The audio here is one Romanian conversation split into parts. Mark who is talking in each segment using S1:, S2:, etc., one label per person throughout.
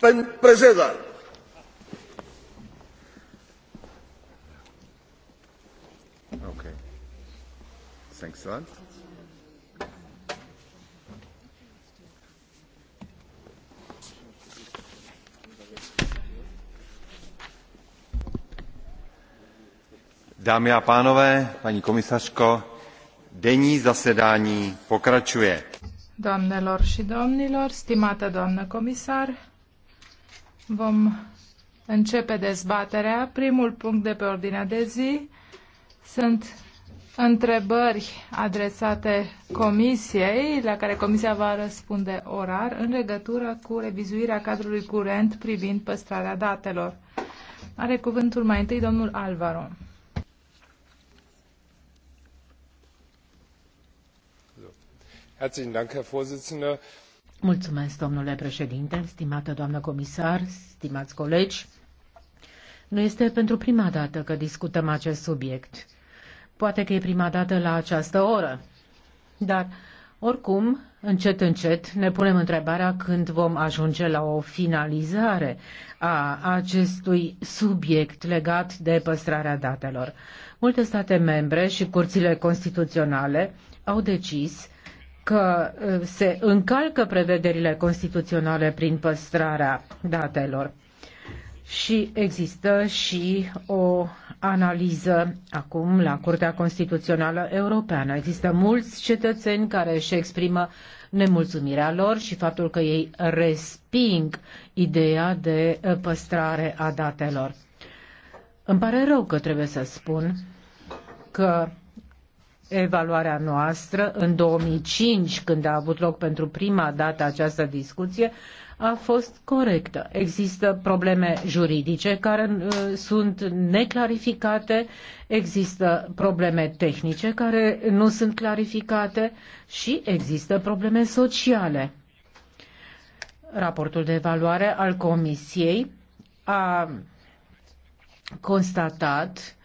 S1: Pen prezeda. Okay. Thanks a lot.
S2: Dámy a pánové, paní komisařko, denní
S3: zasedání pokračuje.
S4: Doamnelor și domnilor, stimată doamnă comisar, Vom începe dezbaterea. Primul punct de pe ordinea de zi sunt întrebări adresate Comisiei, la care Comisia va răspunde orar, în legătură cu revizuirea cadrului curent privind păstrarea datelor. Are cuvântul mai întâi domnul
S2: Alvaro.
S1: Herzlichen Dank, Herr Vorsitzender.
S2: Mulțumesc, domnule președinte, stimată doamnă comisar, stimați colegi. Nu este pentru prima dată că discutăm acest subiect. Poate că e prima dată la această oră. Dar, oricum, încet, încet ne punem întrebarea când vom ajunge la o finalizare a acestui subiect legat de păstrarea datelor. Multe state membre și curțile constituționale au decis că uh, se încalcă prevederile constituționale prin păstrarea datelor. Și există și o analiză acum la Curtea Constituțională Europeană. Există mulți cetățeni care își exprimă nemulțumirea lor și faptul că ei resping ideea de uh, păstrare a datelor. Îmi pare rău că trebuie să spun că evaluarea noastră în 2005, când a avut loc pentru prima dată această discuție, a fost corectă. Există probleme juridice care uh, sunt neclarificate, există probleme tehnice care nu sunt clarificate și există probleme sociale. Raportul de evaluare al Comisiei a constatat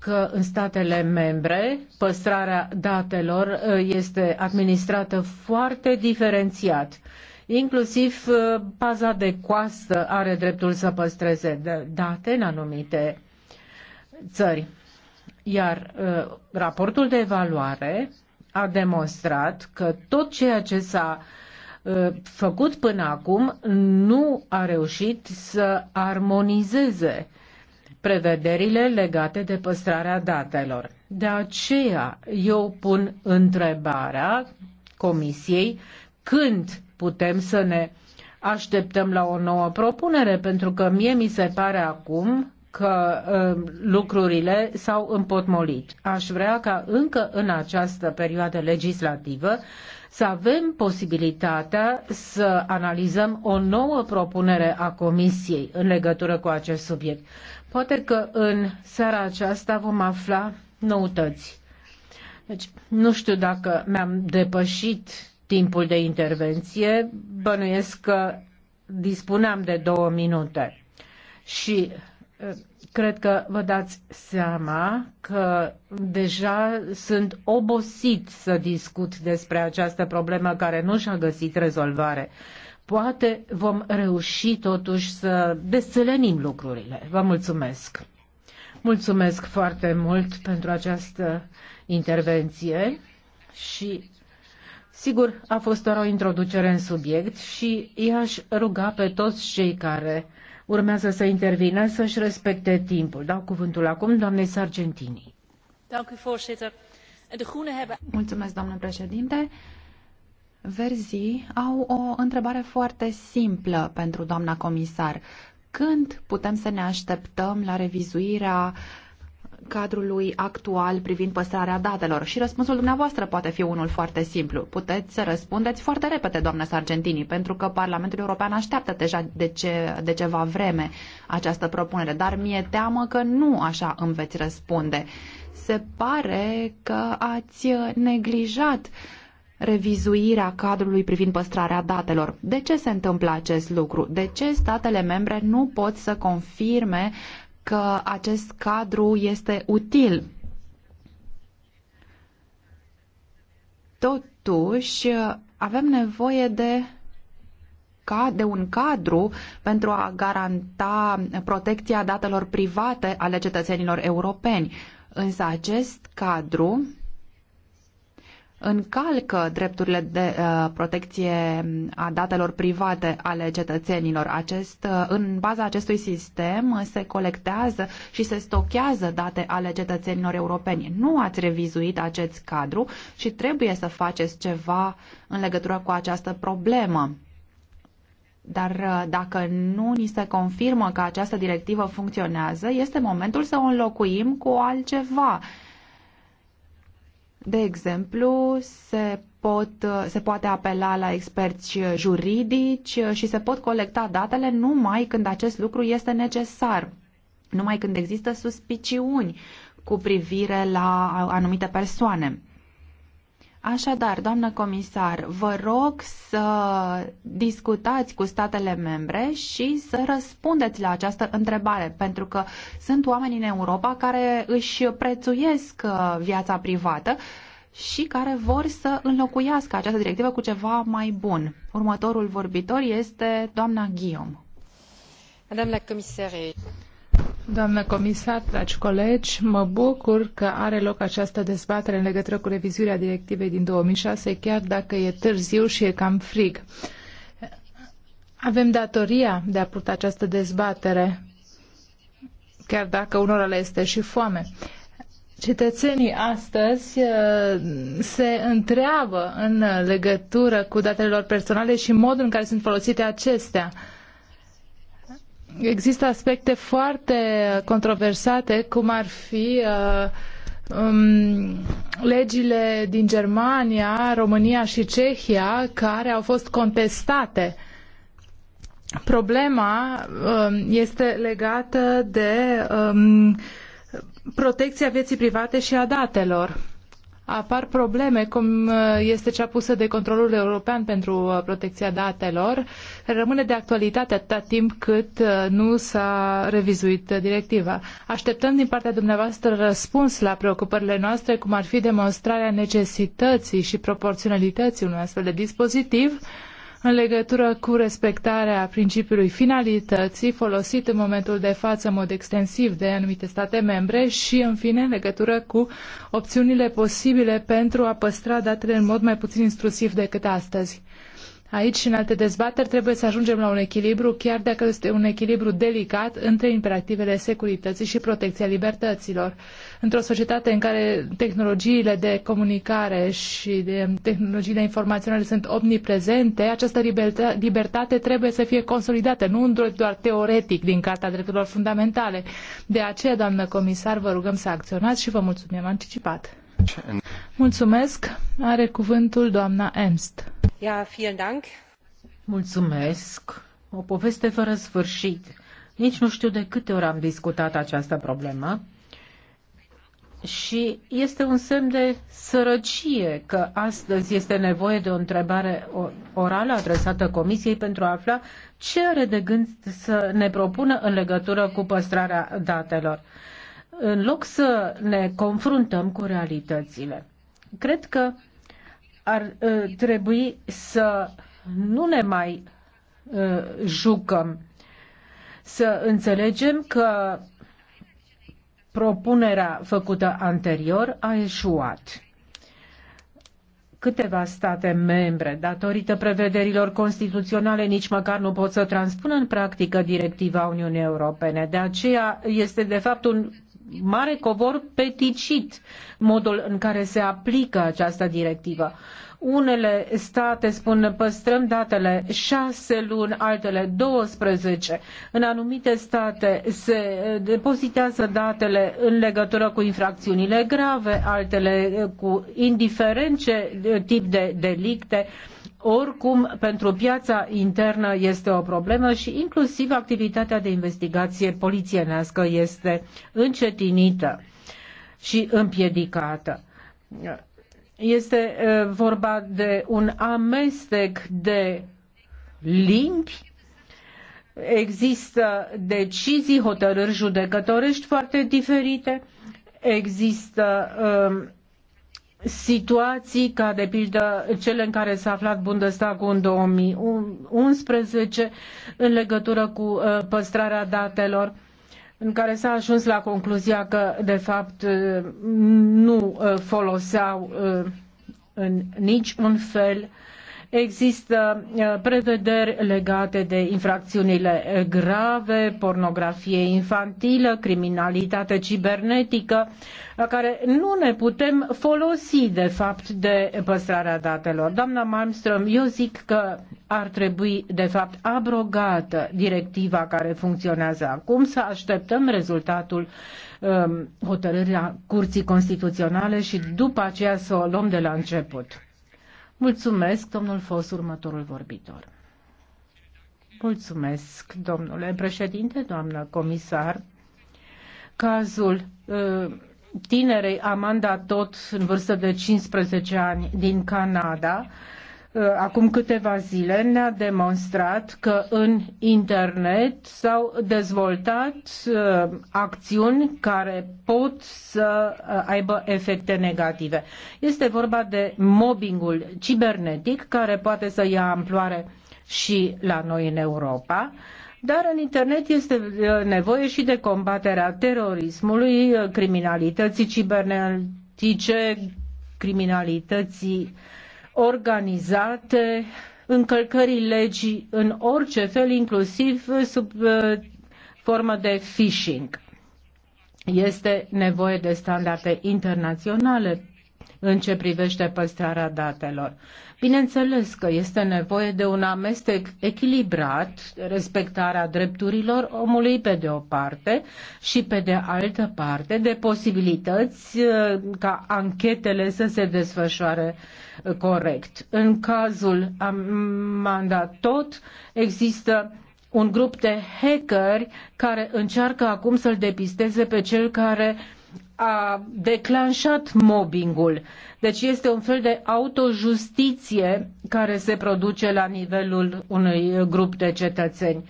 S2: că în statele membre păstrarea datelor uh, este administrată foarte diferențiat. Inclusiv uh, paza de coastă are dreptul să păstreze date în anumite țări. Iar uh, raportul de evaluare a demonstrat că tot ceea ce s-a făcut până acum nu a reușit să armonizeze prevederile legate de păstrarea datelor. De aceea eu pun întrebarea Comisiei când putem să ne așteptăm la o nouă propunere, pentru că mie mi se pare acum că uh, lucrurile s-au împotmolit. Aș vrea ca încă în această perioadă legislativă să avem posibilitatea să analizăm o nouă propunere a Comisiei în legătură cu acest subiect. Poate că în seara aceasta vom afla noutăți. Deci, nu știu dacă mi-am depășit timpul de intervenție, bănuiesc că dispuneam de două minute. Și eh, cred că vă dați seama că deja sunt obosit să discut despre această problemă care nu și-a găsit rezolvare poate vom reuși totuși să desțelenim lucrurile. Vă mulțumesc! Mulțumesc foarte mult pentru această intervenție și sigur a fost doar o introducere în subiect și i-aș ruga pe toți cei care urmează să intervină să-și respecte timpul. Dau cuvântul acum doamnei Sargentini.
S5: Mulțumesc, doamnă președinte. Verzi au o întrebare foarte simplă pentru doamna comisar. Când putem să ne așteptăm la revizuirea cadrului actual privind păstrarea datelor? Și răspunsul dumneavoastră poate fi unul foarte simplu. Puteți să răspundeți foarte repede, doamnă Sargentini, pentru că Parlamentul European așteaptă deja de, ce, de ceva vreme această propunere, dar mi-e teamă că nu așa îmi veți răspunde. Se pare că ați neglijat uh, revizuirea cadrului privind păstrarea datelor. De ce se întâmplă acest lucru? De ce statele membre nu pot să confirme că acest cadru este util? Totuși, avem nevoie de de un cadru pentru a garanta protecția datelor private ale cetățenilor europeni. Însă acest cadru încalcă drepturile de uh, protecție a datelor private ale cetățenilor. Acest, uh, în baza acestui sistem se colectează și se stochează date ale cetățenilor europeni. Nu ați revizuit acest cadru și trebuie să faceți ceva în legătură cu această problemă. Dar uh, dacă nu ni se confirmă că această directivă funcționează, este momentul să o înlocuim cu altceva. Uh, de exemplu, se, pot, se poate apela la experți juridici și se pot colecta datele numai când acest lucru este necesar, numai când există suspiciuni cu privire la anumite persoane. Așadar, doamnă comisar, vă rog să discutați cu statele membre și să răspundeți la această întrebare, pentru că sunt oameni în Europa care își prețuiesc uh, viața privată și care vor să înlocuiască această directivă cu ceva mai bun. Următorul vorbitor este doamna Guillaume.
S4: Madame la comisare. Doamnă comisar, dragi colegi, mă bucur că are loc această dezbatere în legătură cu revizuirea directivei din 2006, chiar dacă e târziu și e cam frig. Avem datoria de a purta această dezbatere, chiar dacă unora le este și foame. Cetățenii astăzi uh, se întreabă în legătură cu datele lor personale și modul în care sunt folosite acestea există aspecte foarte controversate, cum ar fi uh, um, legile din Germania, România și Cehia, care au fost contestate. Problema um, este legată de um,
S2: protecția vieții private și a
S4: datelor apar probleme, cum uh, este cea pusă de controlul european pentru uh, protecția datelor, care rămâne de actualitate atât timp cât uh, nu s-a revizuit directiva. Așteptăm din partea dumneavoastră răspuns la preocupările noastre, cum ar fi demonstrarea necesității și proporționalității unui astfel de dispozitiv, în legătură cu respectarea principiului finalității folosit în momentul de față în mod extensiv de anumite state membre și, în fine, în legătură cu opțiunile posibile pentru a păstra datele în mod mai puțin intrusiv decât astăzi. Aici și în alte dezbateri trebuie să ajungem la un echilibru, chiar dacă este un echilibru delicat între imperativele securității și protecția libertăților. Într-o societate în care tehnologiile de comunicare și de tehnologiile informaționale sunt omniprezente, această libertate trebuie să fie consolidată, nu doar teoretic din Carta Drepturilor Fundamentale. De aceea, doamnă comisar, vă rugăm să acționați și vă mulțumim anticipat. Mulțumesc. Are cuvântul doamna Ernst.
S2: Ja, vielen Dank. Mulțumesc. O poveste fără sfârșit. Nici nu știu de câte ori am discutat această problemă. Și este un semn de sărăcie că astăzi este nevoie de o întrebare orală adresată Comisiei pentru a afla ce are de gând să ne propună în legătură cu păstrarea datelor în loc să ne confruntăm cu realitățile. Cred că ar uh, trebui să nu ne mai uh, jucăm, să înțelegem că propunerea făcută anterior a eșuat. Câteva state membre, datorită prevederilor constituționale, nici măcar nu pot să transpună în practică directiva Uniunii Europene. De aceea este, de fapt, un mare covor peticit modul în care se aplică această directivă. Unele state spun păstrăm datele șase luni, altele 12. În anumite state se depozitează datele în legătură cu infracțiunile grave, altele cu indiferent ce tip de delicte. Uh, oricum pentru piața internă este o problemă și inclusiv activitatea de investigație polițienească este încetinită și împiedicată. Este vorba de un amestec de limbi există decizii, hotărâri judecătorești foarte diferite, există situații ca de pildă cele în care s-a aflat Bundestagul în 2011 în legătură cu uh, păstrarea datelor în care s-a ajuns la concluzia că de fapt uh, nu uh, foloseau în niciun fel Există prevederi legate de infracțiunile grave, pornografie infantilă, criminalitate cibernetică, la care nu ne putem folosi, de fapt, de păstrarea datelor. Doamna Malmström, eu zic că ar trebui, de fapt, abrogată directiva care funcționează acum, să așteptăm rezultatul um, hotărârea Curții Constituționale și după aceea să o luăm de la început. Mulțumesc, domnul fost următorul vorbitor. Mulțumesc, domnule președinte, doamnă comisar. Cazul ă, tinerei Amanda Tot, în vârstă de 15 ani, din Canada, Uh, acum câteva zile ne-a demonstrat că în internet s-au dezvoltat uh, acțiuni care pot să uh, aibă efecte negative. Este vorba de mobbingul cibernetic care poate să ia amploare și la noi în Europa dar în internet este nevoie și de combaterea terorismului, criminalității cibernetice, criminalității organizate, încălcării legii în orice fel, inclusiv sub uh, formă de phishing. Este nevoie de standarde internaționale în ce privește păstrarea datelor. Bineînțeles că este nevoie de un amestec echilibrat, respectarea drepturilor omului pe de o parte și pe de altă parte de posibilități uh, ca anchetele să se desfășoare corect. În cazul Amanda Tot există un grup de hackeri care încearcă acum să-l depisteze pe cel care a declanșat mobbingul. Deci este un fel de autojustiție care se produce la nivelul unui grup de cetățeni.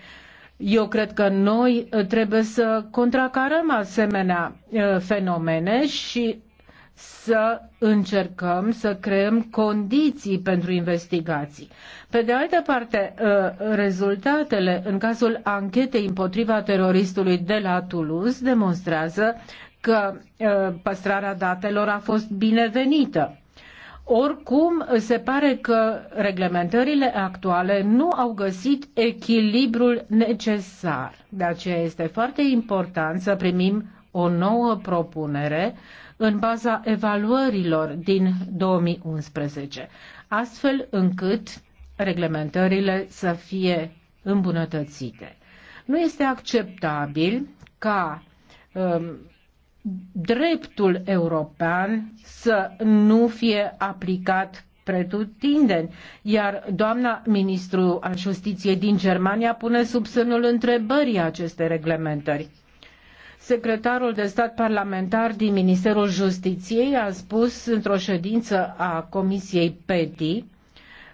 S2: Eu cred că noi trebuie să contracarăm asemenea uh, fenomene și să încercăm să creăm condiții pentru investigații. Pe de altă parte, uh, rezultatele în cazul anchetei împotriva teroristului de la Toulouse demonstrează că uh, păstrarea datelor a fost binevenită. Oricum, se pare că reglementările actuale nu au găsit echilibrul necesar. De aceea este foarte important să primim o nouă propunere uh, în baza evaluărilor din 2011, astfel încât reglementările să fie îmbunătățite. Nu este acceptabil ca um, dreptul european să nu fie aplicat pretutindeni, iar doamna ministru al justiției din Germania pune sub semnul întrebării aceste reglementări. Secretarul de stat parlamentar din Ministerul Justiției a spus într-o ședință a Comisiei PETI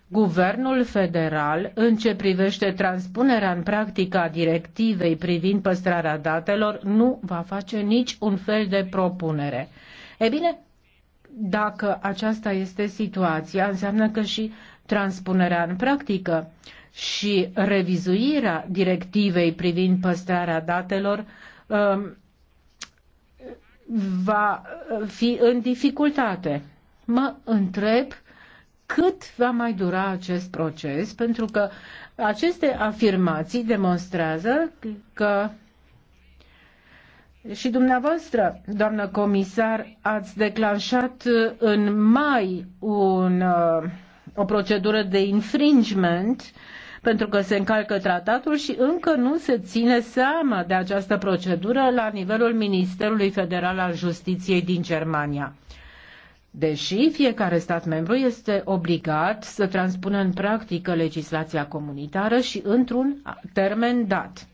S2: Guvernul federal, în ce privește transpunerea în practică a directivei privind păstrarea datelor, nu va face nici un fel de propunere. E bine, dacă aceasta este situația, înseamnă că și transpunerea în practică și revizuirea directivei privind păstrarea datelor um, va uh, fi în dificultate. Mă întreb cât va mai dura acest proces, pentru că aceste afirmații demonstrează că și dumneavoastră, doamnă comisar, ați declanșat în mai un, uh, o procedură de infringement uh, pentru că se încalcă tratatul și încă nu se ține seama de această procedură la nivelul Ministerului Federal al Justiției din Germania. Deși fiecare stat membru este obligat să transpună în practică legislația comunitară și într-un termen dat.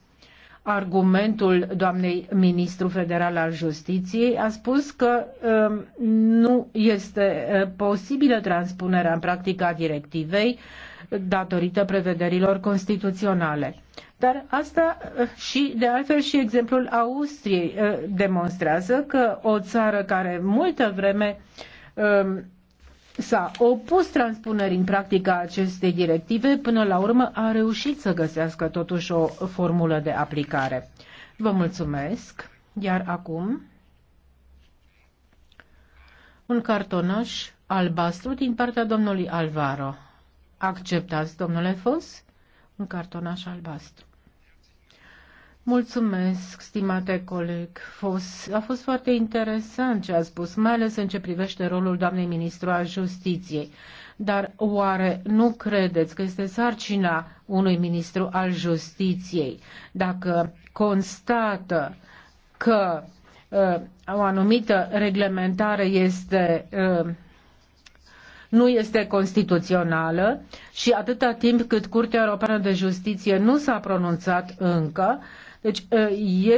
S2: Argumentul doamnei ministru federal al justiției a spus că um, nu este uh, posibilă transpunerea în practică a directivei datorită prevederilor constituționale. Dar asta eh, și, de altfel, și exemplul Austriei eh, demonstrează că o țară care multă vreme eh, s-a opus transpunerii în practică acestei directive, până la urmă a reușit să găsească totuși o formulă de aplicare. Vă mulțumesc, iar acum un cartonaș albastru din partea domnului Alvaro. Acceptați, domnule Fos, un cartonaș albastru. Mulțumesc, stimate coleg Fos. A fost foarte interesant ce a spus, mai ales în ce privește rolul doamnei ministru a justiției. Dar oare nu credeți că este sarcina unui ministru al justiției dacă constată că uh, o anumită reglementare este uh, nu este constituțională și atâta timp cât Curtea Europeană de Justiție nu s-a pronunțat încă, deci ă,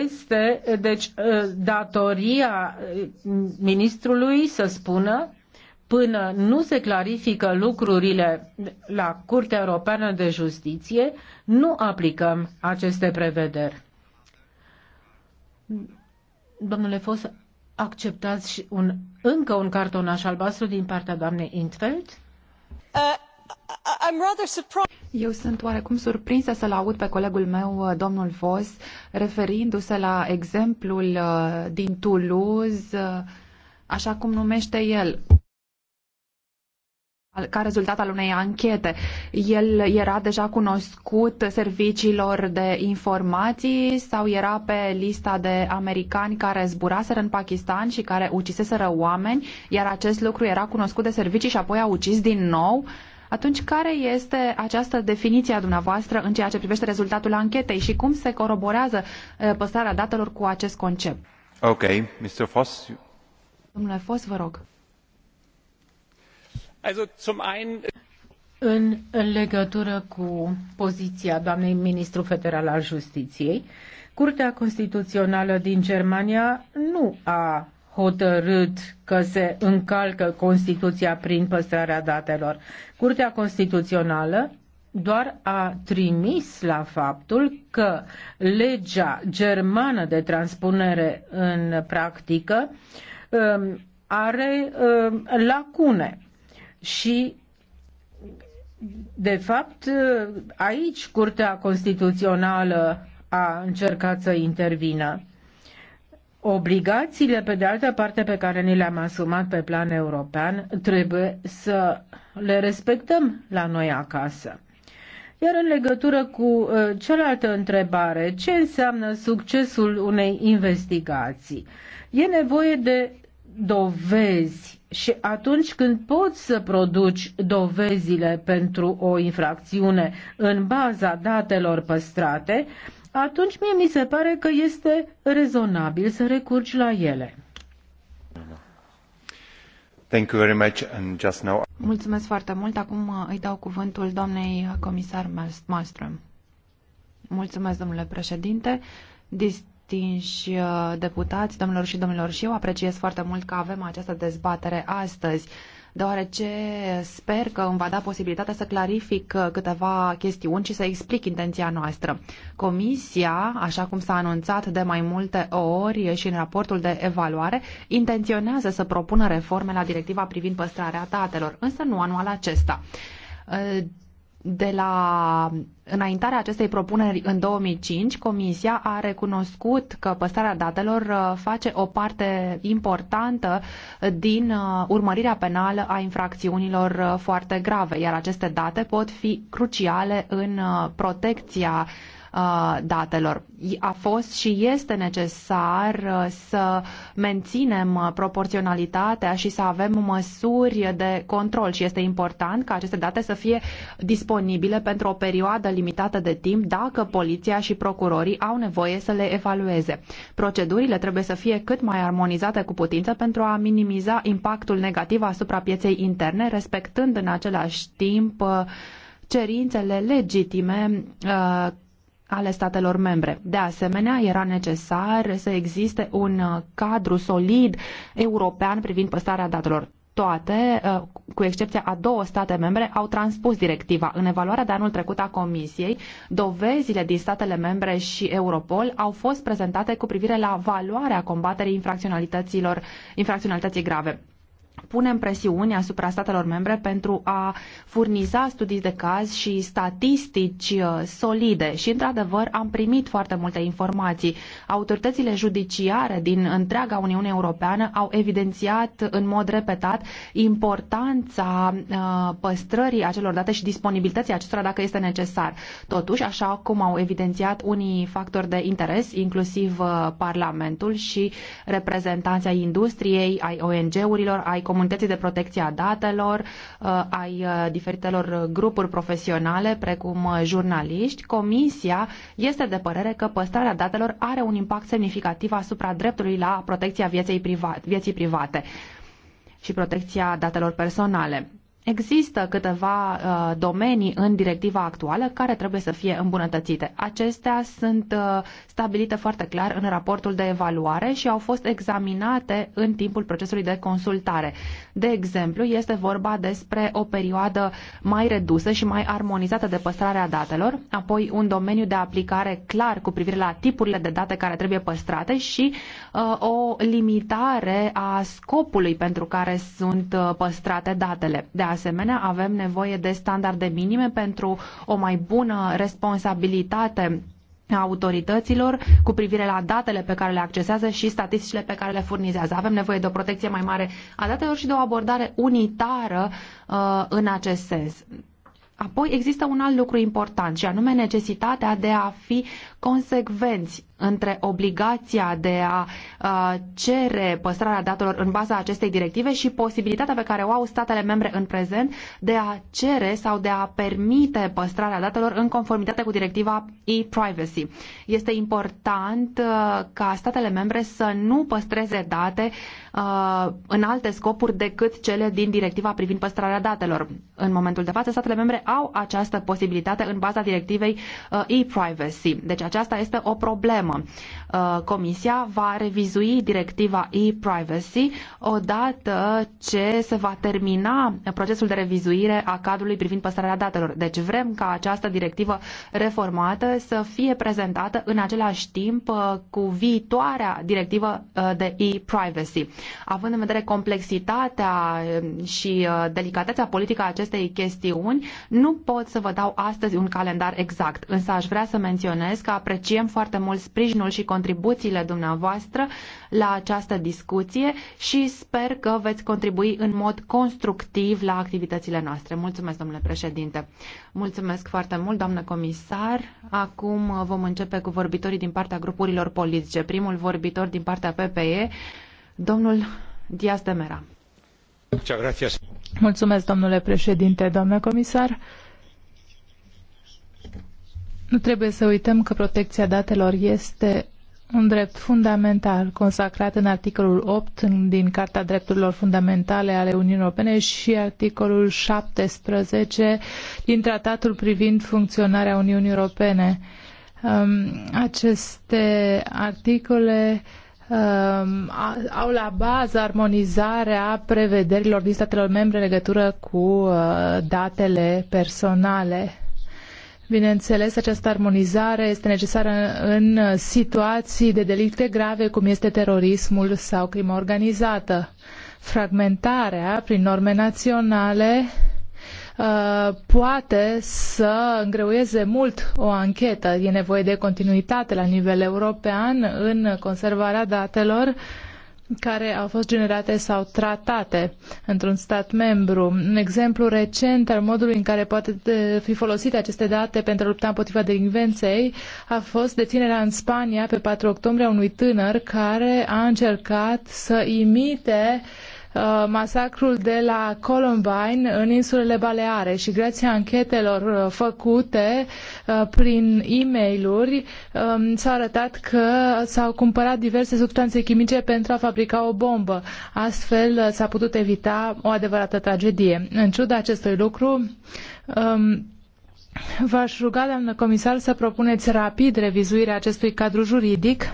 S2: este deci, ă, datoria ă, ministrului să spună până nu se clarifică lucrurile la Curtea Europeană de Justiție, nu aplicăm aceste prevederi. Domnule Fos, acceptați și un, încă un cartonaș albastru din partea doamnei Intfeld? Uh, I'm rather surprised. Eu sunt oarecum surprinsă să-l aud pe colegul meu,
S5: uh, domnul Vos, referindu-se la exemplul uh, din Toulouse, uh, așa cum numește el ca rezultat al unei anchete. El era deja cunoscut serviciilor de informații sau era pe lista de americani care zburaseră în Pakistan și care uciseseră oameni, iar acest lucru era cunoscut de servicii și apoi a ucis din nou? Atunci, care este această definiție a dumneavoastră în ceea ce privește rezultatul anchetei și cum se coroborează păstrarea datelor cu acest concept?
S2: Ok, Mr. Foss. Domnule Foss, vă rog. Äh, în legătură cu poziția doamnei ministru federal al justiției, Curtea Constituțională din Germania nu a hotărât că se încalcă Constituția prin păstrarea datelor. Curtea Constituțională doar a trimis la faptul că legea germană de transpunere în practică um, are um, lacune și de fapt, aici Curtea Constituțională a încercat să intervină. Obligațiile, pe de altă parte, pe care ni le-am asumat pe plan european, trebuie să le respectăm la noi acasă. Iar în legătură cu uh, cealaltă întrebare, ce înseamnă succesul unei investigații? E nevoie de dovezi și atunci când poți să produci dovezile pentru o infracțiune în baza datelor păstrate, atunci mie mi se pare că este rezonabil să recurgi la ele. Thank you very much and just now... Mulțumesc foarte mult.
S5: Acum uh, îi dau cuvântul doamnei comisar Malmström. Mulțumesc, domnule președinte. Dist distinși uh, deputați, domnilor și domnilor, și eu apreciez foarte mult că avem această dezbatere astăzi, deoarece sper că îmi va da posibilitatea să clarific uh, câteva chestiuni și să explic intenția noastră. Comisia, așa cum s-a anunțat de mai multe ori și în raportul de evaluare, intenționează să propună reforme la directiva privind păstrarea datelor, însă nu anual acesta uh, de la înaintarea acestei propuneri în 2005, Comisia a recunoscut că păstrarea datelor uh, face o parte importantă din uh, urmărirea penală a infracțiunilor uh, foarte grave, iar aceste date pot fi cruciale în protecția Uh, datelor. A fost și este necesar uh, să menținem uh, proporționalitatea și să avem măsuri de control și este important ca aceste date să fie disponibile pentru o perioadă limitată de timp dacă poliția și procurorii au nevoie să le evalueze. Procedurile trebuie să fie cât mai armonizate cu putință pentru a minimiza impactul negativ asupra pieței interne, respectând în același timp cerințele legitime ale statelor membre. De asemenea, era necesar să existe un uh, cadru solid european privind păstrarea datelor. Toate, uh, cu excepția a două state membre, au transpus directiva. În evaluarea de anul trecut a Comisiei, dovezile din statele membre și Europol au fost prezentate cu privire la valoarea combaterii infracționalităților, infracționalității grave punem presiuni asupra statelor membre pentru a furniza studii de caz și statistici uh, solide și, într-adevăr, am primit foarte multe informații. Autoritățile judiciare din întreaga Uniune Europeană au evidențiat în mod repetat importanța uh, păstrării acelor date și disponibilității acestora dacă este necesar. Totuși, așa cum au evidențiat unii factori de interes, inclusiv uh, Parlamentul și reprezentanții industriei, ai ONG-urilor, ai ai comunității de protecție a datelor, uh, ai uh, diferitelor grupuri profesionale, precum uh, jurnaliști, Comisia este de părere că păstrarea datelor are un impact semnificativ asupra dreptului la protecția vieții private. Vieții private și protecția datelor personale. Există câteva uh, domenii în directiva actuală care trebuie să fie îmbunătățite. Acestea sunt uh, stabilite foarte clar în raportul de evaluare și au fost examinate în timpul procesului de consultare. De exemplu, este vorba despre o perioadă mai redusă și mai armonizată de păstrare a datelor, apoi un domeniu de aplicare clar cu privire la tipurile de date care trebuie păstrate și uh, o limitare a scopului pentru care sunt uh, păstrate datele. De asemenea, avem nevoie de standarde minime pentru o mai bună responsabilitate a autorităților cu privire la datele pe care le accesează și statisticile pe care le furnizează. Avem nevoie de o protecție mai mare a datelor și de o abordare unitară uh, în acest sens. Apoi există un alt lucru important și anume necesitatea de a fi consecvenți între obligația de a cere păstrarea datelor în baza acestei directive și posibilitatea pe care o au statele membre în prezent de a cere sau de a permite păstrarea datelor în conformitate cu directiva e-privacy. Este important uh, ca statele membre să nu păstreze date uh, în alte scopuri decât cele din directiva privind păstrarea datelor. În momentul de față, statele membre au această posibilitate în baza directivei uh, e-privacy. Deci aceasta este o problemă. Uh, Comisia va revizui directiva e-privacy odată ce se va termina procesul de revizuire a cadrului privind păstrarea datelor. Deci vrem ca această directivă reformată să fie prezentată în același timp uh, cu viitoarea directivă uh, de e-privacy. Având în vedere complexitatea și delicatețea politică a acestei chestiuni, nu pot să vă dau astăzi un calendar exact, însă aș vrea să menționez că apreciem foarte mult sprijinul și contribuția contribuțiile dumneavoastră la această discuție și sper că veți contribui în mod constructiv la activitățile noastre. Mulțumesc, domnule președinte. Mulțumesc foarte mult, doamnă comisar. Acum vom începe cu vorbitorii din partea grupurilor politice. Primul vorbitor din partea PPE, domnul
S4: Diaz de Mera. Mulțumesc, domnule președinte, doamnă comisar. Nu trebuie să uităm că protecția datelor este un drept fundamental consacrat în articolul 8 din Carta Drepturilor Fundamentale ale Uniunii Europene și articolul 17 din Tratatul privind funcționarea Uniunii Europene. Um, aceste articole um, au la bază armonizarea prevederilor din statelor membre în legătură cu uh, datele personale. Bineînțeles, această armonizare este necesară în situații de delicte grave, cum este terorismul sau crima organizată. Fragmentarea prin norme naționale uh, poate să îngreuieze mult o anchetă. E nevoie de continuitate la nivel european în conservarea datelor care au fost generate sau tratate într-un stat membru. Un exemplu recent al modului în care poate eh, fi folosite aceste date pentru a lupta împotriva delinvenței a fost deținerea în Spania pe 4 octombrie a unui tânăr care a încercat să imite uh, Uh, masacrul de la Columbine în insulele Baleare și grație anchetelor uh, făcute uh, prin e-mail-uri um, s-a arătat că s-au cumpărat diverse substanțe chimice pentru a fabrica o bombă. Astfel s-a putut evita o adevărată tragedie. În ciuda acestui lucru, um, V-aș ruga, doamnă comisar, să propuneți rapid revizuirea acestui cadru juridic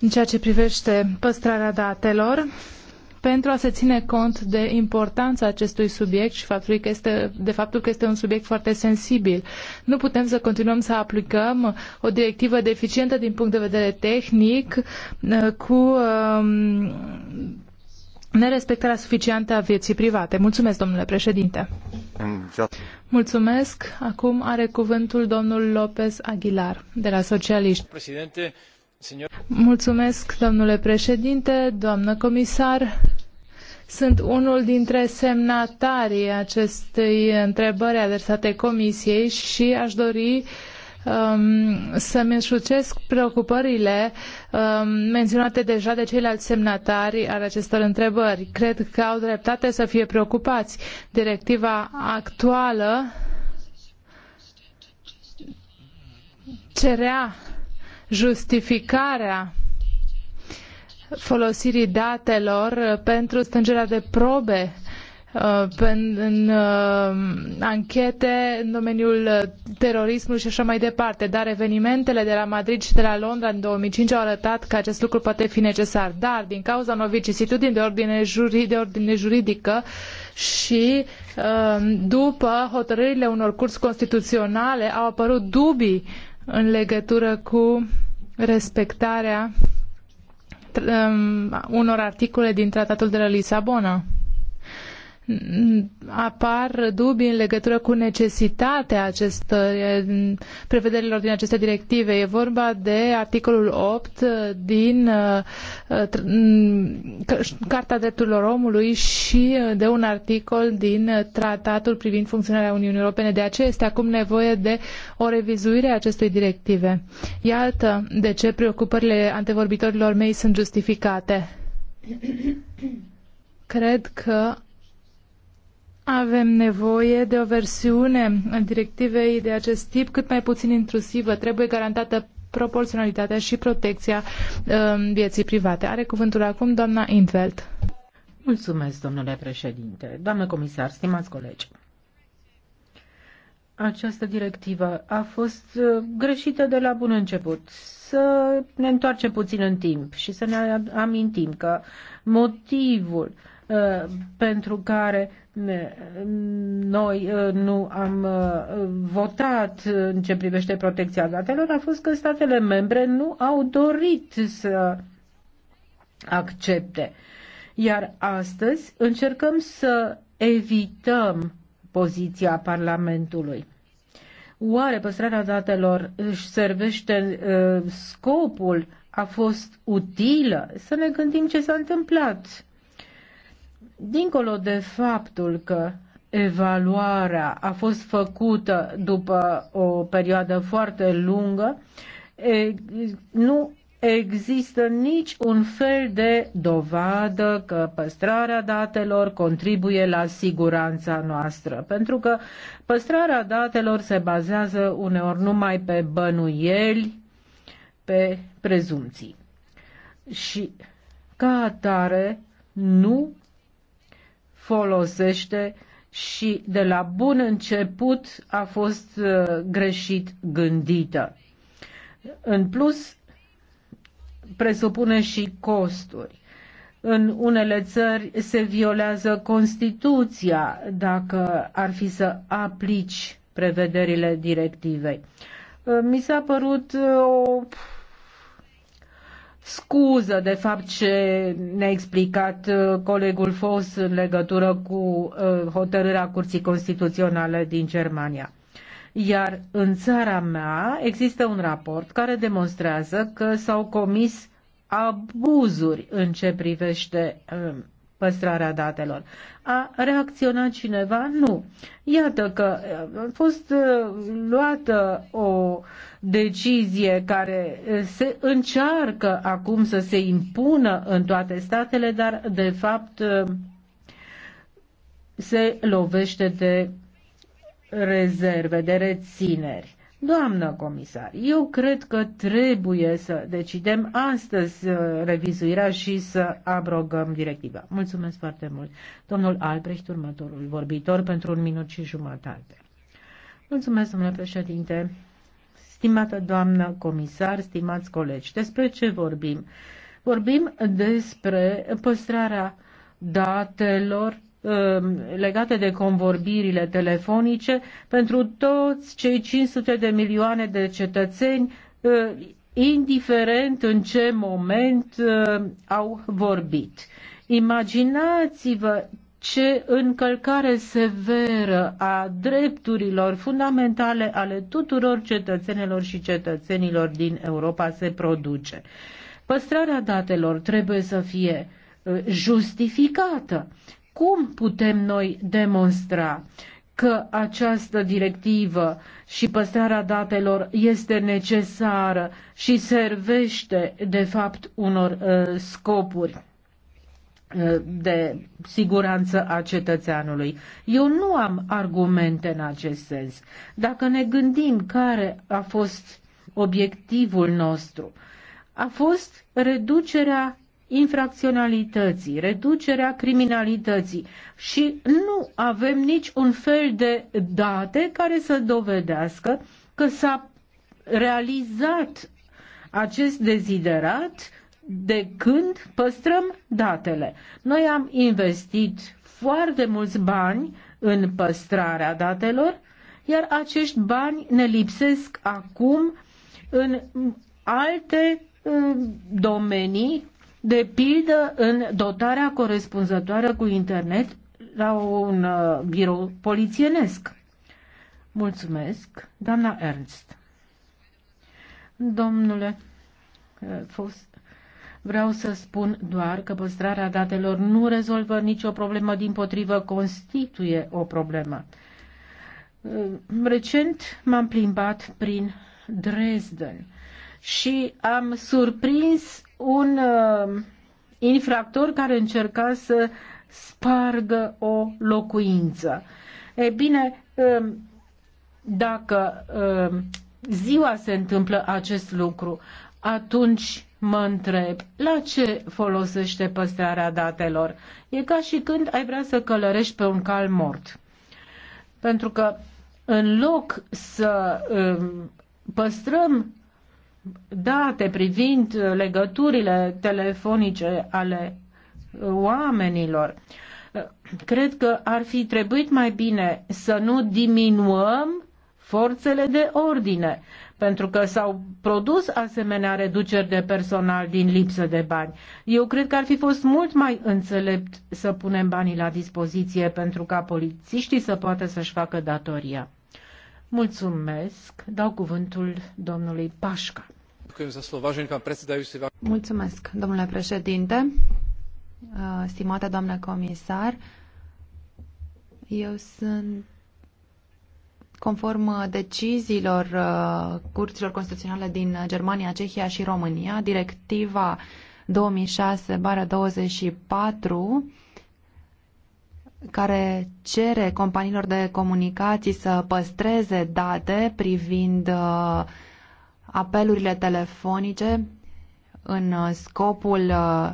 S4: în ceea ce privește păstrarea datelor pentru a se ține cont de importanța acestui subiect și faptului că este, de faptul că este un subiect foarte sensibil. Nu putem să continuăm să aplicăm o directivă deficientă din punct de vedere tehnic uh, cu um, nerespectarea suficientă a vieții private. Mulțumesc, domnule președinte. Mulțumesc. Acum are cuvântul domnul López Aguilar de la Socialiști. Președinte, Mulțumesc, domnule președinte, doamnă comisar. Sunt unul dintre semnatarii acestei întrebări adresate comisiei și aș dori um, să-mi însucesc preocupările um, menționate deja de ceilalți semnatari ale acestor întrebări. Cred că au dreptate să fie preocupați. Directiva actuală cerea justificarea folosirii datelor pentru strângerea de probe uh, în uh, anchete în domeniul terorismului și așa mai departe. Dar evenimentele de la Madrid și de la Londra în 2005 au arătat că acest lucru poate fi necesar. Dar din cauza unor vicisitudini de ordine, juri, de ordine juridică și uh, după hotărârile unor curți constituționale au apărut dubii în legătură cu respectarea um, unor articole din Tratatul de la Lisabona apar dubii în legătură cu necesitatea acestor prevederilor din aceste directive. E vorba de articolul 8 din uh, mm, Carta Drepturilor Omului și uh, de un articol din Tratatul privind funcționarea Uniunii Europene. De aceea este acum nevoie de o revizuire a acestei directive. Iată de ce preocupările antevorbitorilor mei sunt justificate. Cred că avem nevoie de o versiune a directivei de acest tip cât mai puțin intrusivă. Trebuie garantată proporționalitatea și protecția um, vieții private. Are cuvântul acum doamna Intveld.
S2: Mulțumesc, domnule președinte. Doamnă comisar, stimați colegi. Această directivă a fost uh, greșită de la bun început. Să ne întoarcem puțin în timp și să ne amintim că motivul uh, pentru care noi uh, nu am uh, votat în ce privește protecția datelor a fost că statele membre nu au dorit să accepte. Iar astăzi încercăm să evităm poziția Parlamentului. Oare păstrarea datelor își servește uh, scopul? A fost utilă? Să ne gândim ce s-a întâmplat Dincolo de faptul că evaluarea a fost făcută după o perioadă foarte lungă, nu există nici un fel de dovadă că păstrarea datelor contribuie la siguranța noastră, pentru că păstrarea datelor se bazează uneori numai pe bănuieli, pe prezumții. Și ca atare nu folosește și de la bun început a fost uh, greșit gândită. În plus, presupune și costuri. În unele țări se violează Constituția dacă ar fi să aplici prevederile directivei. Uh, mi s-a părut uh, o scuză de fapt ce ne-a explicat uh, colegul Fos în legătură cu uh, hotărârea Curții Constituționale din Germania. Iar în țara mea există un raport care demonstrează că s-au comis abuzuri în ce privește um, păstrarea datelor. A reacționat cineva? Nu. Iată că uh, a fost uh, luată o decizie care uh, se încearcă acum să se impună în toate statele, dar de fapt se lovește de rezerve, de rețineri. Doamnă comisar, eu cred că trebuie să decidem astăzi uh, revizuirea și să abrogăm directiva. Mulțumesc foarte mult. Domnul Albrecht, următorul vorbitor, pentru un minut și jumătate. Mulțumesc, domnule președinte. Stimată doamnă comisar, stimați colegi, despre ce vorbim? Vorbim despre păstrarea datelor Um, legate de convorbirile telefonice pentru toți cei 500 de milioane de cetățeni, uh, indiferent în ce moment uh, au vorbit. Imaginați-vă ce încălcare severă a drepturilor fundamentale ale tuturor cetățenilor și cetățenilor din Europa se produce. Păstrarea datelor trebuie să fie uh, justificată cum putem noi demonstra că această directivă și păstrarea datelor este necesară și servește, de fapt, unor uh, scopuri uh, de siguranță a cetățeanului. Eu nu am argumente în acest sens. Dacă ne gândim care a fost obiectivul nostru, a fost reducerea infracționalității, reducerea criminalității și nu avem nici un fel de date care să dovedească că s-a realizat acest deziderat de când păstrăm datele. Noi am investit foarte mulți bani în păstrarea datelor, iar acești bani ne lipsesc acum în alte uh, domenii de pildă în dotarea corespunzătoare cu internet la un uh, birou polițienesc. Mulțumesc, doamna Ernst. Domnule uh, Fost, vreau să spun doar că păstrarea datelor nu rezolvă nicio problemă, din potrivă constituie o problemă. Uh, recent m-am plimbat prin Dresden și am surprins un uh, infractor care încerca să spargă o locuință. E bine, um, dacă um, ziua se întâmplă acest lucru, atunci mă întreb, la ce folosește păstrarea datelor? E ca și când ai vrea să călărești pe un cal mort. Pentru că în loc să um, păstrăm date privind legăturile telefonice ale oamenilor. Cred că ar fi trebuit mai bine să nu diminuăm forțele de ordine, pentru că s-au produs asemenea reduceri de personal din lipsă de bani. Eu cred că ar fi fost mult mai înțelept să punem banii la dispoziție pentru ca polițiștii să poată să-și facă datoria. Mulțumesc. Dau cuvântul domnului Pașca.
S3: Mulțumesc,
S2: domnule președinte,
S5: uh, stimată doamnă comisar. Eu sunt conform deciziilor uh, curților constituționale din Germania, Cehia și România, directiva 2006-24 care cere companiilor de comunicații să păstreze date privind uh, apelurile telefonice în uh, scopul uh,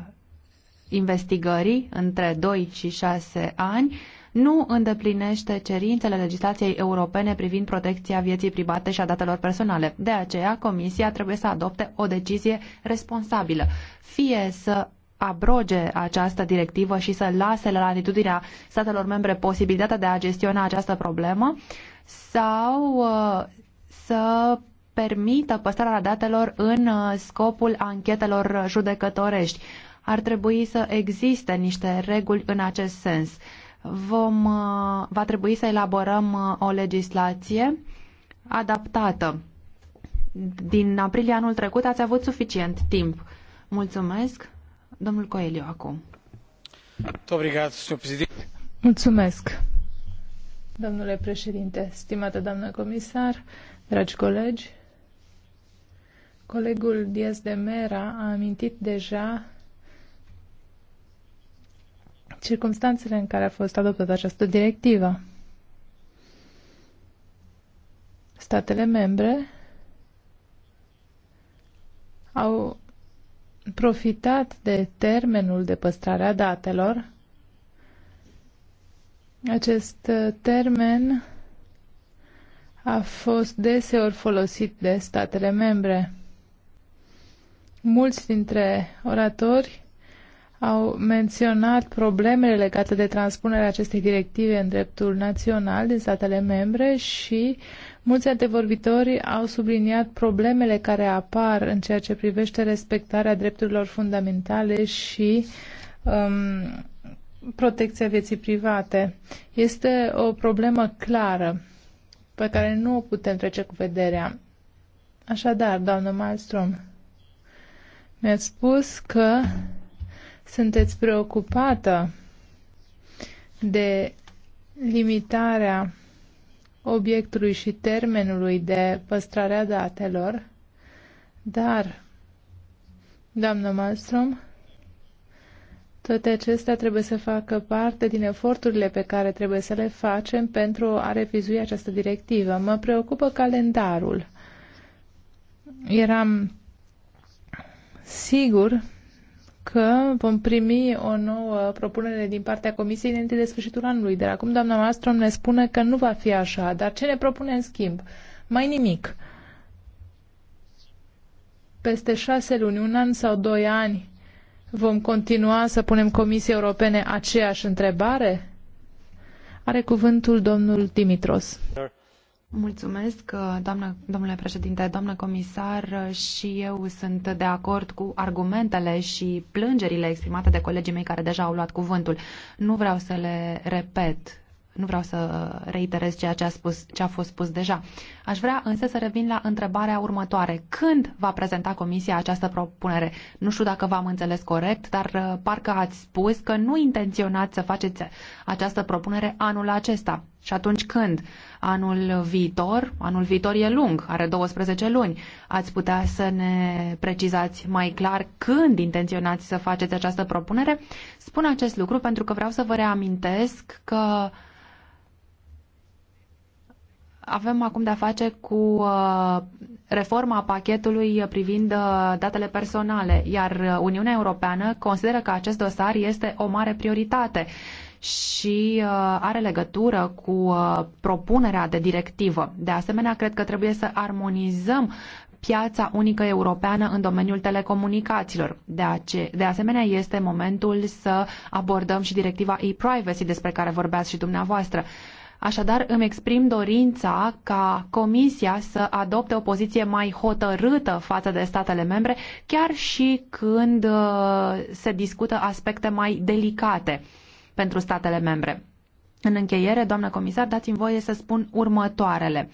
S5: investigării între 2 și 6 ani nu îndeplinește cerințele legislației europene privind protecția vieții private și a datelor personale. De aceea, Comisia trebuie să adopte o decizie responsabilă, fie să abroge această directivă și să lase la latitudinea statelor membre posibilitatea de a gestiona această problemă sau uh, să permită păstrarea datelor în uh, scopul anchetelor judecătorești. Ar trebui să existe niște reguli în acest sens. Vom, uh, va trebui să elaborăm uh, o legislație adaptată. Din aprilie anul trecut ați avut suficient timp. Mulțumesc. Domnul Coelho
S4: acum. Mulțumesc. Domnule președinte, stimată doamnă comisar, dragi colegi, Colegul Diaz de Mera a amintit deja circumstanțele în care a fost adoptată această directivă. Statele membre au profitat de termenul de păstrare a datelor. Acest termen a fost deseori folosit de statele membre. Mulți dintre oratori au menționat problemele legate de transpunerea acestei directive în dreptul național din statele membre și mulți antevorbitori au subliniat problemele care apar în ceea ce privește respectarea drepturilor fundamentale și um, protecția vieții private. Este o problemă clară pe care nu o putem trece cu vederea. Așadar, doamnă Malmström, mi-ați spus că sunteți preocupată de limitarea obiectului și termenului de păstrare a datelor, dar, doamnă Malmström, toate acestea trebuie să facă parte din eforturile pe care trebuie să le facem pentru a revizui această directivă. Mă preocupă calendarul. Eram Sigur că vom primi o nouă propunere din partea Comisiei înainte de sfârșitul anului. Dar acum doamna noastră ne spune că nu va fi așa. Dar ce ne propune în schimb? Mai nimic. Peste șase luni, un an sau doi ani, vom continua să punem Comisiei Europene aceeași întrebare? Are cuvântul
S5: domnul Dimitros.
S4: Sure. Mulțumesc,
S5: uh, doamnă, domnule președinte, doamnă comisar, uh, și eu sunt de acord cu argumentele și plângerile exprimate de colegii mei care deja au luat cuvântul. Nu vreau să le repet nu vreau să reiterez ceea ce a, spus, ce a fost spus deja. Aș vrea însă să revin la întrebarea următoare. Când va prezenta Comisia această propunere? Nu știu dacă v-am înțeles corect, dar uh, parcă ați spus că nu intenționați să faceți această propunere anul acesta. Și atunci când? Anul viitor? Anul viitor e lung, are 12 luni. Ați putea să ne precizați mai clar când intenționați să faceți această propunere? Spun acest lucru pentru că vreau să vă reamintesc că uh, avem acum de-a face cu uh, reforma pachetului privind uh, datele personale, iar Uniunea Europeană consideră că acest dosar este o mare prioritate și uh, are legătură cu propunerea de directivă. De asemenea, cred că trebuie să armonizăm piața unică europeană în domeniul telecomunicațiilor. De, ace- de asemenea, este momentul să abordăm și directiva e-privacy despre care vorbeați și dumneavoastră. Așadar, îmi exprim dorința ca Comisia să adopte o poziție mai hotărâtă față de statele membre, chiar și când uh, se discută aspecte mai delicate pentru statele membre. În încheiere, doamnă comisar, dați-mi voie să spun următoarele.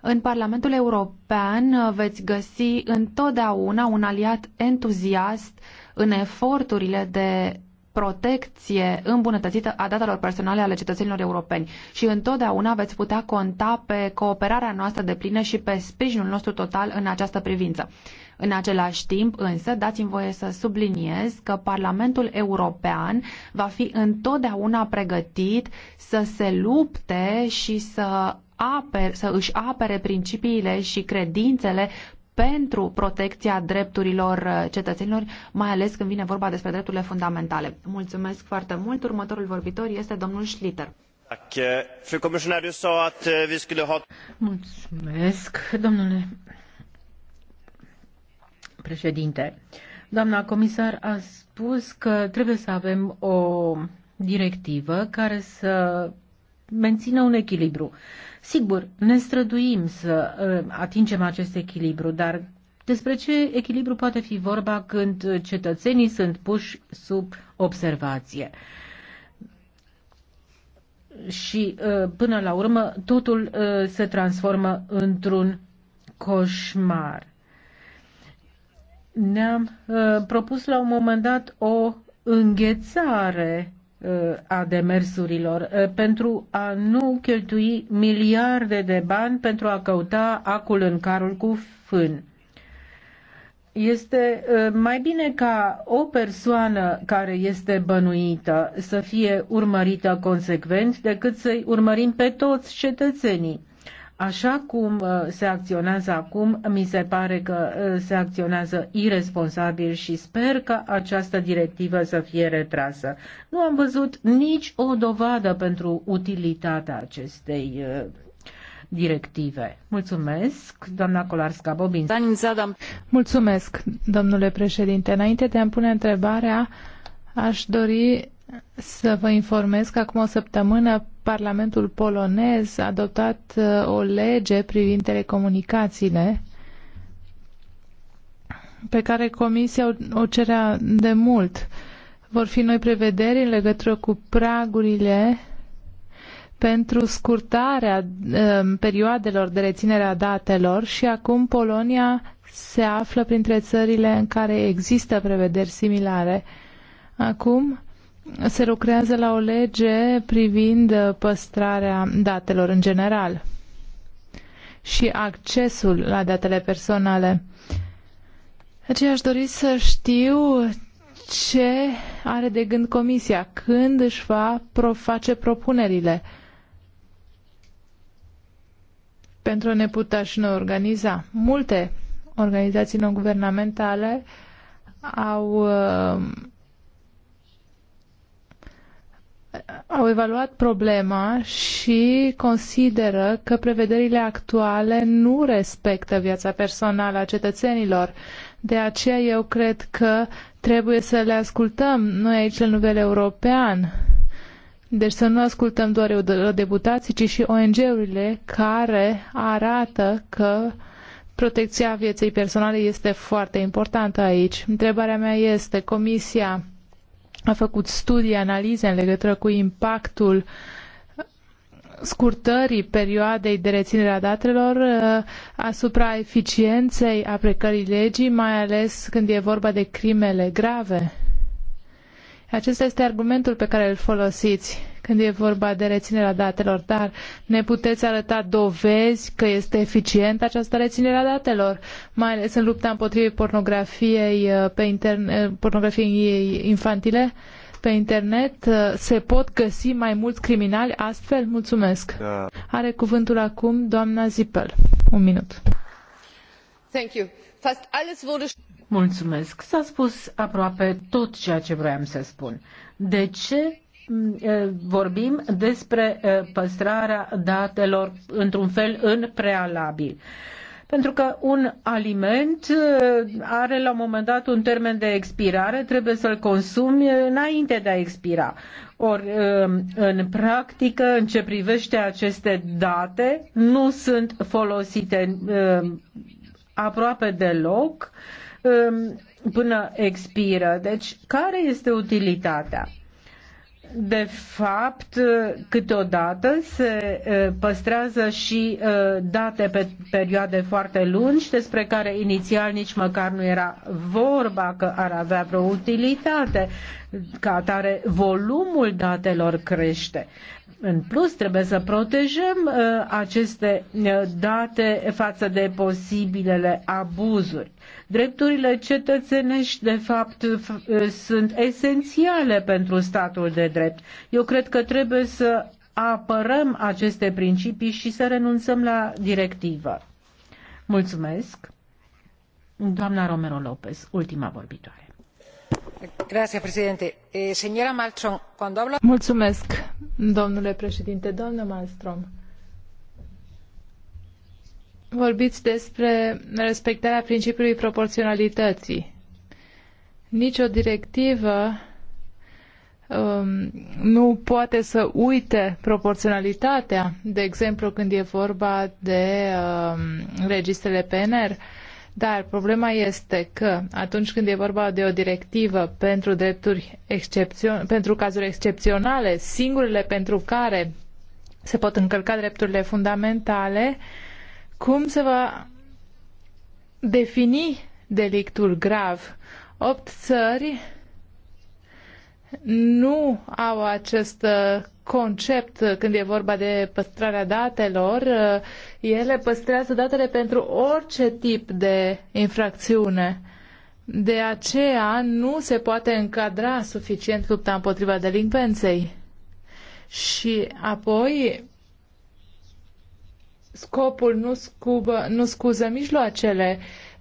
S5: În Parlamentul European uh, veți găsi întotdeauna un aliat entuziast în eforturile de protecție îmbunătățită a datelor personale ale cetățenilor europeni și întotdeauna veți putea conta pe cooperarea noastră de plină și pe sprijinul nostru total în această privință. În același timp, însă, dați-mi voie să subliniez că Parlamentul European va fi întotdeauna pregătit să se lupte și să aper, să își apere principiile și credințele pentru protecția drepturilor uh, cetățenilor, mai ales când vine vorba despre drepturile fundamentale. Mulțumesc foarte mult. Următorul vorbitor este domnul Schlitter. Eh, eh,
S2: Mulțumesc, domnule președinte. Doamna comisar a spus că trebuie să avem o directivă care să mențină un echilibru. Sigur, ne străduim să uh, atingem acest echilibru, dar despre ce echilibru poate fi vorba când cetățenii sunt puși sub observație? Și uh, până la urmă totul uh, se transformă într-un coșmar. Ne-am propus la un moment dat o înghețare Uh, a demersurilor uh, pentru a nu cheltui miliarde de bani pentru a căuta acul în carul cu fân. Este uh, mai bine ca o persoană care este bănuită să fie urmărită consecvent decât să-i urmărim pe toți cetățenii. Așa cum uh, se acționează acum, mi se pare că uh, se acționează irresponsabil și sper că această directivă să fie retrasă. Nu am văzut nici o dovadă pentru utilitatea acestei uh, directive. Mulțumesc, doamna Colarska Bobin.
S4: Mulțumesc, domnule președinte. Înainte de a-mi pune întrebarea, aș dori să vă informez că acum o săptămână Parlamentul polonez a adoptat uh, o lege privind telecomunicațiile pe care Comisia o cerea de mult. Vor fi noi prevederi în legătură cu pragurile pentru scurtarea um, perioadelor de reținere a datelor și acum Polonia se află printre țările în care există prevederi similare. Acum se lucrează la o lege privind păstrarea datelor în general și accesul la datele personale. Deci aș dori să știu ce are de gând Comisia, când își va face propunerile pentru a ne putea și noi organiza. Multe organizații non-guvernamentale au uh, au evaluat problema și consideră că prevederile actuale nu respectă viața personală a cetățenilor. De aceea eu cred că trebuie să le ascultăm noi aici la nivel european. Deci să nu ascultăm doar deputații, ci și ONG-urile care arată că protecția vieței personale este foarte importantă aici. Întrebarea mea este, Comisia a făcut studii, analize în legătură cu impactul scurtării perioadei de reținere a datelor uh, asupra eficienței aplicării legii, mai ales când e vorba de crimele grave. Acesta este argumentul pe care îl folosiți când e vorba de reținerea datelor, dar ne puteți arăta dovezi că este eficientă această reținere a datelor, mai ales în lupta împotriva pornografiei, uh, pe interne, uh, pornografiei infantile pe internet? Uh, se pot găsi mai mulți criminali astfel?
S2: Mulțumesc. Da. Are
S4: cuvântul acum doamna Zipel. Un minut.
S5: Thank you. Fast alles wurde...
S2: Mulțumesc. S-a spus aproape tot ceea ce vroiam să spun. De ce Mm, vorbim despre păstrarea datelor într-un fel în prealabil. Pentru că un aliment are la un moment dat un termen de expirare, trebuie să-l consumi înainte de a expira. Ori, în practică, în ce privește aceste date, nu sunt folosite aproape deloc până expiră. Deci, care este utilitatea? de fapt, câteodată se păstrează și date pe perioade foarte lungi, despre care inițial nici măcar nu era vorba că ar avea vreo utilitate. Ca atare, volumul datelor crește. În plus, trebuie să protejăm uh, aceste uh, date față de posibilele abuzuri. Drepturile cetățenești, de fapt, uh, sunt esențiale pentru statul de drept. Eu cred că trebuie să apărăm aceste principii și să renunțăm la directivă. Mulțumesc. Doamna Romero Lopez, ultima vorbitoare. Eh, Mulțumesc, domnule președinte. Doamnă
S4: Malmström,
S2: vorbiți despre
S4: respectarea principiului proporționalității. Nici o directivă um, nu poate să uite proporționalitatea, de exemplu când e vorba de um, registrele PNR. Uh, dar problema este că atunci când e vorba de o directivă pentru drepturi excepțion- pentru cazuri excepționale, singurele pentru care se pot încălca drepturile fundamentale, cum se va defini delictul grav? Opt țări nu au acest uh, concept când e vorba de păstrarea datelor. Uh, ele păstrează datele pentru orice tip de infracțiune. De aceea nu se poate încadra suficient lupta împotriva delincvenței. Și apoi scopul nu, scubă, nu scuză mijloacele. Uh,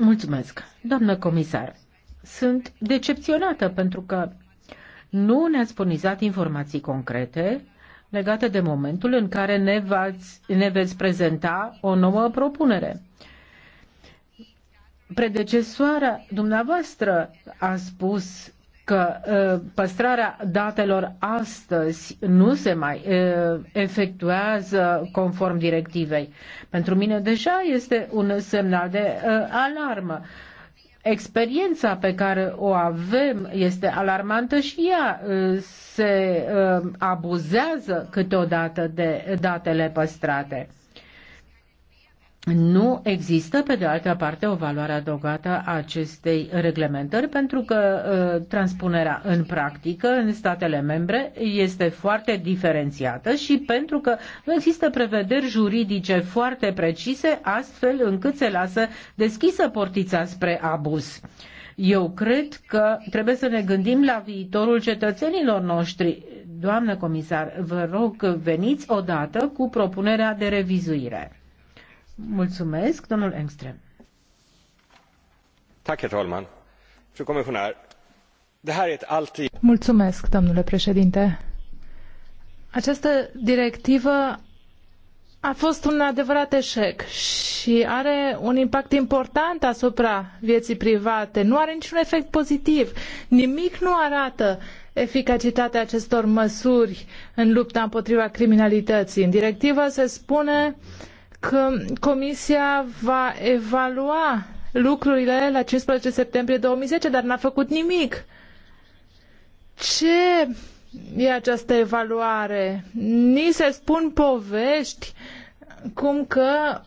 S2: Mulțumesc, doamnă comisar. Sunt decepționată pentru că nu ne-ați furnizat informații concrete legate de momentul în care ne, vați, ne veți prezenta o nouă propunere. Predecesoara dumneavoastră a spus că ă, păstrarea datelor astăzi nu se mai ă, efectuează conform directivei. Pentru mine deja este un semnal de ă, alarmă. Experiența pe care o avem este alarmantă și ea se abuzează câteodată de datele păstrate nu există, pe de altă parte, o valoare adăugată a acestei reglementări, pentru că uh, transpunerea în practică în statele membre este foarte diferențiată și pentru că nu există prevederi juridice foarte precise, astfel încât se lasă deschisă portița spre abuz. Eu cred că trebuie să ne gândim la viitorul cetățenilor noștri. Doamnă comisar, vă rog, veniți odată cu propunerea de revizuire. Mulțumesc, domnul Engström.
S5: Tack, herr talman. Fru det här är ett alltid...
S2: Mulțumesc,
S4: domnule președinte. Această directivă a fost un adevărat eșec și are un impact important asupra vieții private. Nu are niciun efect pozitiv. Nimic nu arată eficacitatea acestor măsuri în lupta împotriva criminalității. În directivă se spune uh, că Comisia va evalua lucrurile la 15 septembrie 2010, dar n-a făcut nimic. Ce e această evaluare? Ni se spun povești cum că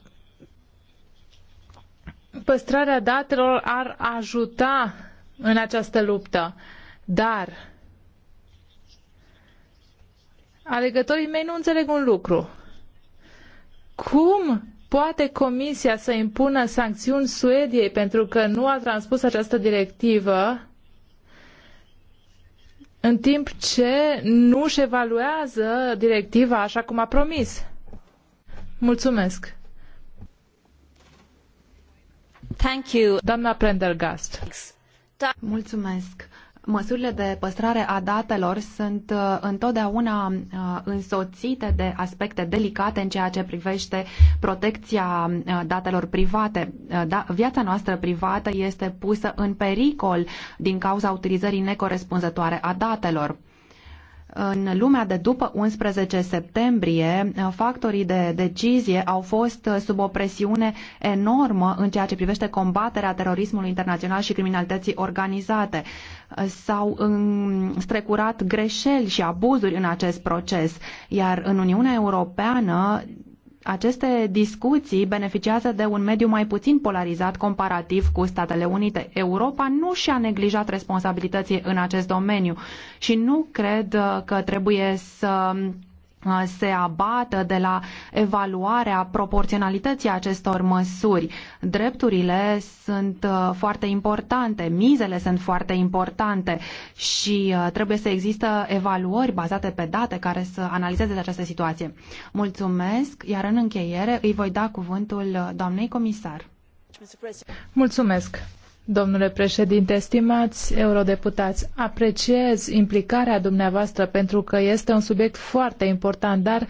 S4: păstrarea datelor ar ajuta în această luptă, dar alegătorii mei nu înțeleg un lucru. Cum poate Comisia să impună sancțiuni Suediei pentru că nu a transpus această directivă în timp ce nu își evaluează directiva așa cum a promis? Mulțumesc! Thank you. Doamna Prendergast. Mulțumesc! Măsurile de păstrare a
S5: datelor sunt uh, întotdeauna uh, însoțite de aspecte delicate în ceea ce privește protecția uh, datelor private. Da, viața noastră privată este pusă în pericol din cauza utilizării necorespunzătoare a datelor. În lumea de după 11 septembrie, factorii de decizie au fost sub o presiune enormă în ceea ce privește combaterea terorismului internațional și criminalității organizate. S-au mm, strecurat greșeli și abuzuri în acest proces, iar în Uniunea Europeană aceste discuții beneficiază de un mediu mai puțin polarizat comparativ cu Statele Unite. Europa nu și-a neglijat responsabilității în acest domeniu și nu cred uh, că trebuie să se abată de la evaluarea proporționalității acestor măsuri. Drepturile sunt uh, foarte importante, mizele sunt foarte importante și uh, trebuie să există evaluări bazate pe date care să analizeze această situație. Mulțumesc, iar în încheiere îi voi da cuvântul doamnei comisar.
S4: Mulțumesc. Domnule președinte, stimați eurodeputați, apreciez implicarea dumneavoastră pentru că este un subiect foarte important, dar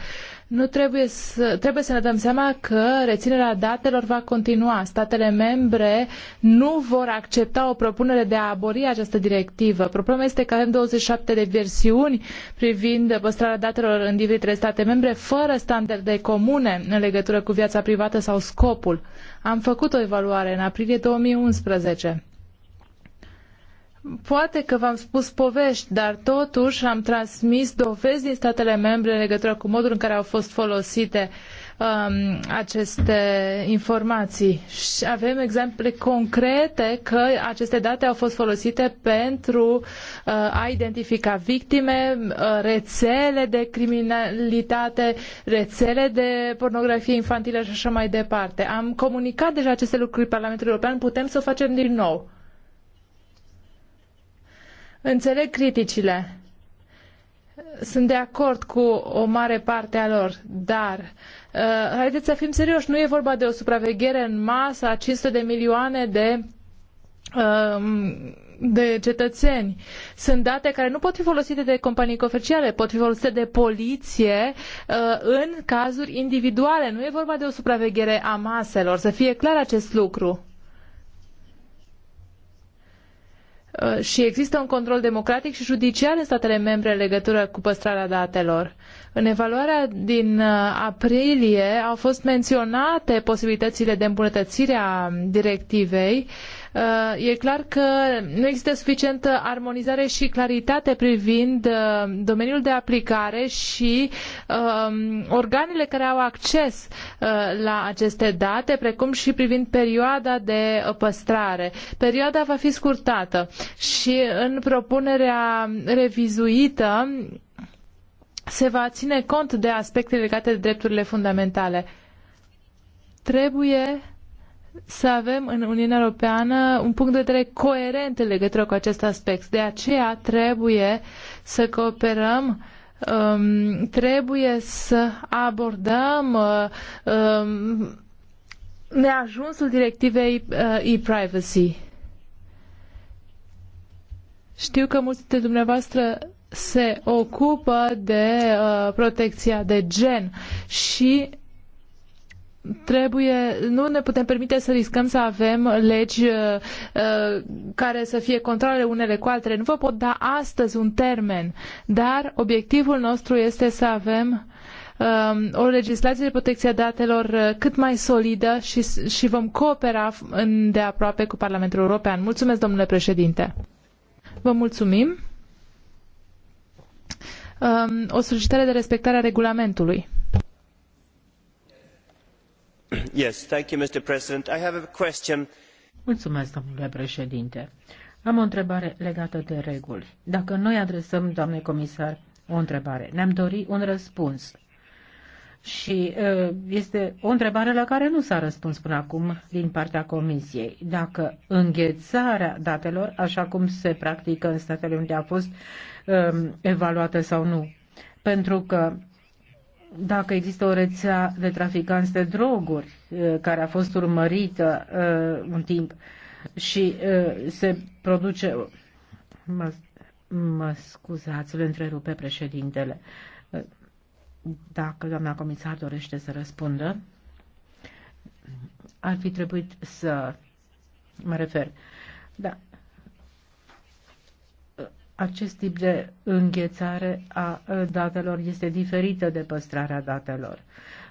S4: nu trebuie să, trebuie să ne dăm seama că reținerea datelor va continua. Statele membre nu vor accepta o propunere de a abori această directivă. Problema este că avem 27 de versiuni privind păstrarea datelor în diferitele state membre fără standarde comune în legătură cu viața privată sau scopul. Am făcut o evaluare în aprilie 2011 Poate că v-am spus povești, dar totuși am transmis dovezi din statele membre în legătură cu modul în care au fost folosite um, aceste informații. Și avem exemple concrete că aceste date au fost folosite pentru uh, a identifica victime, uh, rețele de criminalitate, rețele de pornografie infantilă și așa mai departe. Am comunicat deja aceste lucruri Parlamentului European, putem să o facem din nou. Înțeleg criticile. Sunt de acord cu o mare parte a lor, dar uh, haideți să fim serioși, nu e vorba de o supraveghere în masă a 500 de milioane de uh, de cetățeni. Sunt date care nu pot fi folosite de companii comerciale, pot fi folosite de poliție uh, în cazuri individuale. Nu e vorba de o supraveghere a maselor, să fie clar acest lucru. Uh, și există un control democratic și judiciar în statele membre în legătură cu păstrarea datelor. În evaluarea din uh, aprilie au fost menționate posibilitățile de îmbunătățire a directivei uh, Uh, e clar că nu există suficientă armonizare și claritate privind uh, domeniul de aplicare și um, organele care au acces uh, la aceste date, precum și privind perioada de păstrare. Perioada va fi scurtată și în propunerea revizuită se va ține cont de aspecte legate de drepturile fundamentale. Trebuie să avem în Uniunea Europeană un punct de vedere coerent în legătură cu acest aspect. De aceea trebuie să cooperăm um, trebuie să abordăm uh, um, neajunsul directivei uh, e-privacy. Știu că mulți dintre dumneavoastră se ocupă de uh, protecția de gen și trebuie, nu ne putem permite să riscăm să avem legi uh, uh care să fie controle unele cu altele. Nu vă pot da astăzi un termen, dar obiectivul nostru este să avem um, o legislație de protecție a datelor uh, cât mai solidă și, și vom coopera de aproape cu Parlamentul European. Mulțumesc, domnule președinte. Vă mulțumim. Um, o solicitare de respectare a regulamentului.
S3: Mr. President. I have a question.
S2: Mulțumesc, domnule președinte. Am o întrebare legată de reguli. Dacă noi adresăm, doamnei comisar, o întrebare, ne-am dori un răspuns. Și este o întrebare la care nu s-a răspuns până acum din partea Comisiei. Dacă înghețarea datelor, așa cum se practică în Statele Unite, a fost evaluată sau nu. Pentru că dacă există o rețea de traficanți de droguri uh, care a fost urmărită uh, un timp și uh, se produce. Mă, mă scuzați, îl întrerupe președintele. Dacă doamna comisar dorește să răspundă, ar fi trebuit să mă refer. Da, acest tip de înghețare a datelor este diferită de păstrarea datelor.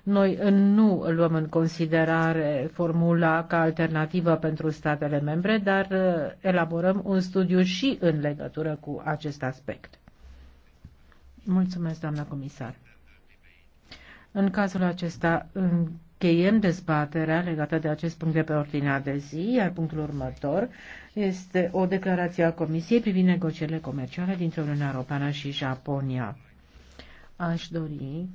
S2: Noi nu luăm în considerare formula ca alternativă pentru statele membre, dar elaborăm un studiu și în legătură cu acest aspect. Mulțumesc, doamna comisar. În cazul acesta, în încheiem dezbaterea legată de acest punct de pe ordinea de zi, iar punctul următor este o declarație a Comisiei privind negocierile comerciale dintre Uniunea Europeană și Japonia. Aș dori